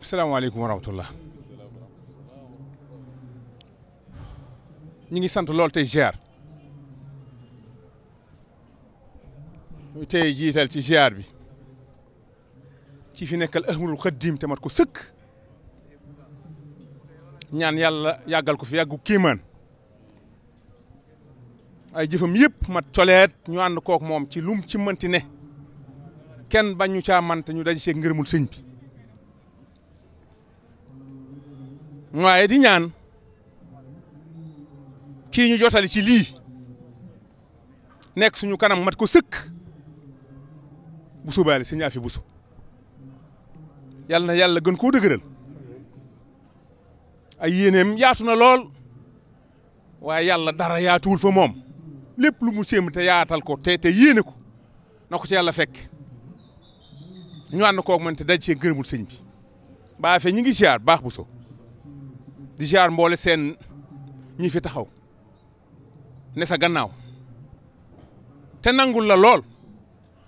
salaamaaleykum wa rahmatullah ñu ngi sant lool te ziar tey jiital ci ziar bi ci fi nekkal ahmadul xaddim te mat ko sëkk ñaan yàlla yàggal ko fi yàggu kéemaan ay jëfam yëpp mat coleet ñu ànd kook moom ci lum ci mënti ne kenn bañu ñu caa ñu daj see ngërëmul sëñ bi waaye di ñaan kii ñu jotali ci lii nekk suñu kanam mat ko sëkk bu subaale si ñaa fi busu yàlla na yàlla gën koo dëgëral ay yéeneem yaatu na lool waaye yàlla dara yaatuwul fa moom lépp lu mu séem te yaatal ko te te yéene ko na ko ci yàlla fekk ñu ànd koog man te daj see gërëmul sëñ bi baa fe ñi ngi siyaar baax bu so di jaar mboole seen ñi fi taxaw ne sa gannaaw te nangul la lool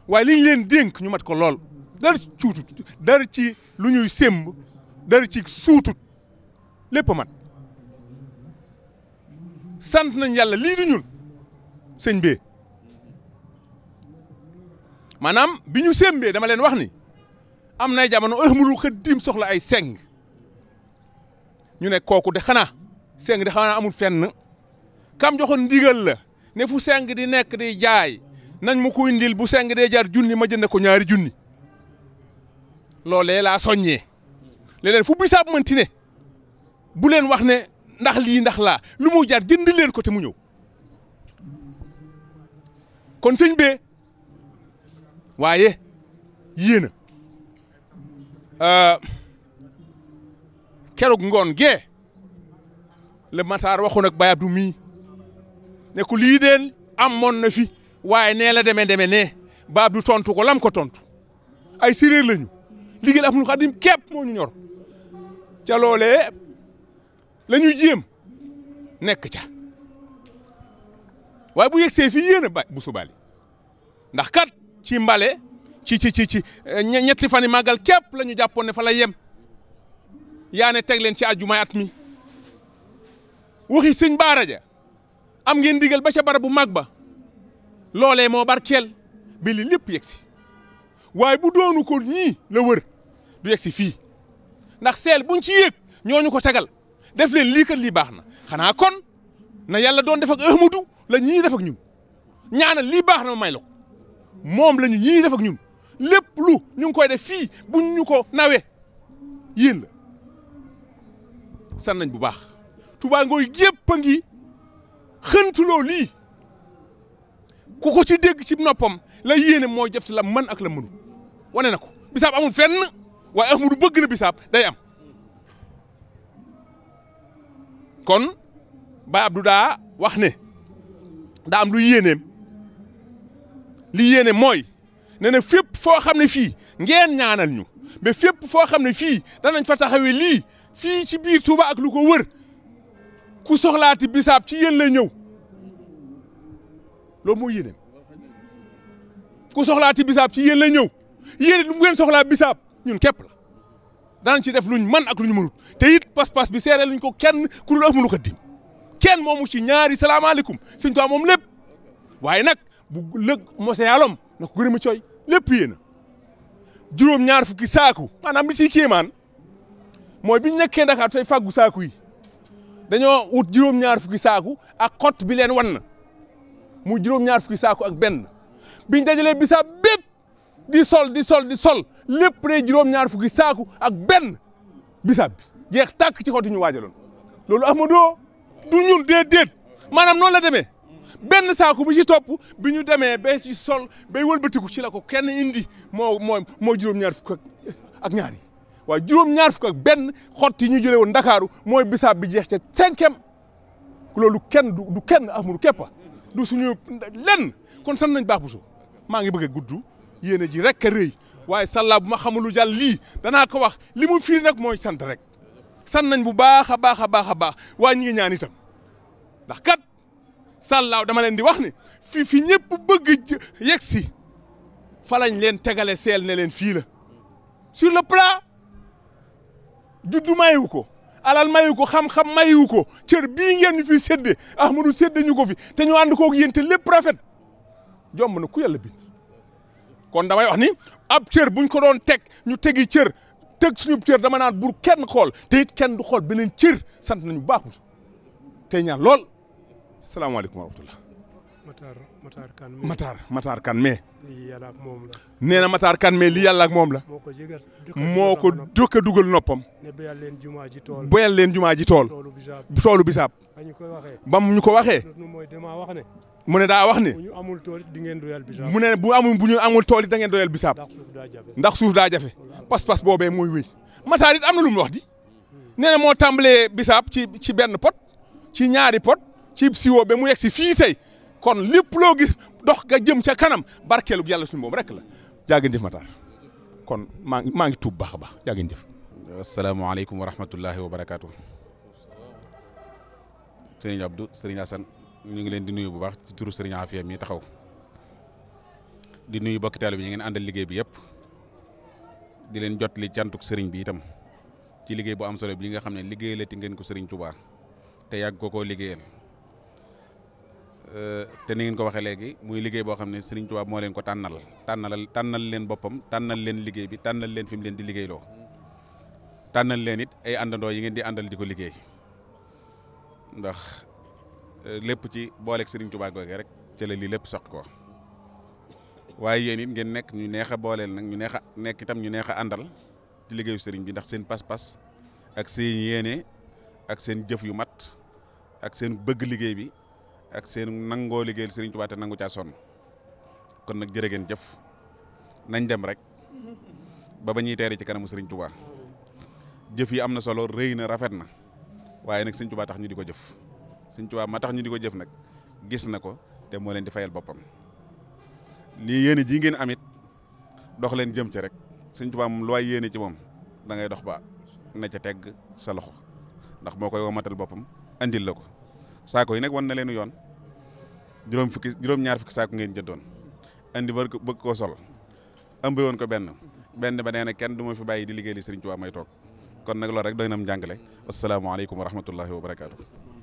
waaye li ñu dénk ñu mat ko lool dara ci cuutut dara lu ñuy sémb dara ci suutut lépp mat sant nañ yàlla lii du ñun sëñ bee maanaam bi ñu sémbee dama leen wax ni am nay jamono ëxmalu xët diim soxla ay seng ñu ne kooku de xanaa seng de xanaa amul fenn kam joxoon ndigal la ne fu seng di nekk di jaay nañ mu kuy ndil bu seng dee jar junni ma jënd ko ñaari junni loolee laa soññee leneen fu bisaab mënti ne bu leen wax ne ndax lii ndax laa lu mu jar jënd leen ko te mu ñëw kon sëñ bee waaye yéena euh, keroog ngoon gee le Matar waxu nag Baye Abdou mii ne ko lii deen amoon na fi waaye nee la demee deme nee Baye Abdou tontu ko lam ko tontu ay séréer lañu liggéey ak nu xadim moo ñu ñor ca loolee la ñuy nekk ca waaye bu yegsee fii yéen bu subali ndax kat ci mbale ci ci ci ci eh, ñetti fan yi màggal képp la jàppoon ne fa la yem. yaa ne teg leen ci àjjuma at mi waxi sëñ Baara ja am ngeen digal ba ca barab bu mag ba loolee moo barkeel ba li lépp yegg si waaye bu doonu ko ñii la wër du yegg si fii ndax seel buñ ci yéeg ñooñu ko tegal def leen lii kat lii baax na xanaa kon na yàlla doon def ak la ñii def ak ñun ñaanal lii baax na may la moom la ñu ñii def ñun lépp lu ñu koy def fii buñ ñu ko nawe yéen la. san nañ bu baax Touba Ngoye yëpp a ngi xëntuloo lii ku ko ci dégg ci noppam la yéene mooy jëf ci la man ak la mënu wane na ko bisaab amul fenn waaye Ahmadu bëgg na bisaab day am kon Baye Abdou daa wax ne daa am lu yéeneem li yéene mooy ne na fépp foo xam ne fii ngeen ñaanal ñu mais fépp foo xam ne fii danañ fa taxawee lii fii ci biir Touba ak lu ko wër ku soxlaati bisaab ci yéen lay ñëw loolu moo yéene ku soxlaati bisaab ci yéen lay ñëw yéen it bu ngeen soxlaa bisaab ñun képp la danañ ci def luñ man ak luñ mënut te it pas-pas bi seere luñ ko kenn ku dul ak mënu ko dim kenn moomu ci ñaari salaamaaleykum sëñ Tuubaa moom lépp waaye nag bu lëg mose yàllam na ko gërëma cooy lépp yéen a juróom ñaar fukki saaku maanaam li ciy kéemaan mooy bi ñu nekkee Dakar tey fàggu saaku yi dañoo wut juróom-ñaar fukki saaku ak xott bi leen wan na mu juróom-ñaar fukki saaku ak benn biñ dajalee bisaab bépp di sol di sol di sol lépp day juróom-ñaar fukki saaku ak benn bisaab jeex tàkk ci xottu ñu waajaloon loolu doo du ñun déedéet maanaam noonu la demee benn saaku bi ci topp bi ñu demee ba ci sol bay wëlbatiku ci la ko kenn indi moo moo moo juróom-ñaar fukk ak ñaar waa juróom-ñaar fukk benn xott yi ñu jëlee woon ndakaaru mooy bisaab bi jeex ca cinquième loolu kenn du kenn amul képp du suñu lenn kon sant nañ baax bu so maa ngi bëgg a gudd yéene ji rek a rëy waaye sàllaa bu ma xamulu jàll lii danaa ko wax li mu firi nag mooy sant rek sant nañ bu baax a baax a baax a baax waaye ñi itam ndax kat sàllaaw dama leen di wax ne fi fi ñëpp bëgg yegg si falañ leen tegale seel ne leen fii la sur le plat juddu mayiwu ko alal mayiwu ko xam-xam mayiwu ko cër bii ngeen ñu fi sédde ahmadu sédde ñu ko fi te ñu ànd koog yéen te lépp rafet jomb na ku yàlla bind kon damay wax ni ab cër buñ ko doon teg ñu tegi cër teg suñu cër dama naan bur kenn xool te it kenn du xool beneen cër sant nañu baaxul tey ñaan lool salaamaaleykum wa rahmatullah Matar Kan mais Matar Matar Kan mais. nee na Matar Kan mais li yàlla ak moom la. moo ko jëkk a dugal noppam. boyal leen jumaa ji tool boyal leen jumaa ji tool. toolu bisaab. ba mu ñu ko waxee. mu ne daa wax ne. mu ne bu amul bu ñu amul tool yi da ngeen doyal bisaab. ndax suuf daa jafe. pas-pas boobee mooy wéy. Matar it am na lu mu wax di. nee moo tàmbalee bisaab ci ci benn pot. ci ñaari pot. ci siwo ba mu yegg si fii tey. kon lépp loo gis dox nga jëm ca kanam barkeelu yàlla suñu boobu rek la jaagin jëf Matar kon maa ngi maa ngi tuub baax a baax jaagin jëf. asalaamaaleykum wa rahmatullahi wa barakaatu. sëriñ Abdou sëriñ Assane ngi leen di nuyu bu baax ci turu sëriñ Afia mi taxaw di nuyu bokki bi yi ngeen àndal liggéey bi yëpp di leen jot li cantuk sëriñ bi itam ci liggéey bu am solo bi nga xam ne liggéeyalati ngeen ko sëriñ Touba te yàgg ko koo liggéeyal. Euh, te ni ngeen ko waxee léegi muy liggéey boo xam ne Sëriñ Tuubaa moo leen ko tànnal tànnalal tànnal leen boppam tànnal leen liggéey bi tànnal leen fi mu leen di liggéeyloo tànnal leen it ay àndandoo yi ngeen di àndal di ko liggéey ndax euh, lépp ci booleeg Sëriñ Tuubaa googee rek ca la lépp soq ko waaye yéen it ngeen nekk ñu neex a booleel nag ñu neex a nekk itam ñu neex a àndal ci liggéeyu sëriñ bi ndax seen pas-pas ak seen yéene ak seen jëf yu mat ak seen bëgg liggéey bi ak seen nangoo liggéeyal Serigne Touba te nangu caa sonn kon nag jërë ngeen jëf nañ dem rek ba ba ñuy teere ci kanamu Serigne Touba jëf yi am na solo rëy na rafet na waaye nag Serigne Touba tax ñu di ko jëf Serigne Touba ma tax ñu di ko jëf nag gis na ko te moo leen di fayal boppam lii yéene ji ngeen amit dox leen jëm ci rek Serigne Touba moom lu waay yéene ci moom dangay dox ba na ca tegg sa loxo ndax moo koy womatal boppam andil la ko. saako yi nag wan na leen yoon juróom fukki juróom-ñaar fukki saako ngeen jëndoon andi bër bëgg koo sol ëmb woon ko benn benn ba nee kenn du ma fi bàyyi di liggéey li Sëriñ Tuubaa may toog kon nag loolu rek doy na mu jàngale asalaamaaleykum wa rahmatullahi wa barakaatu.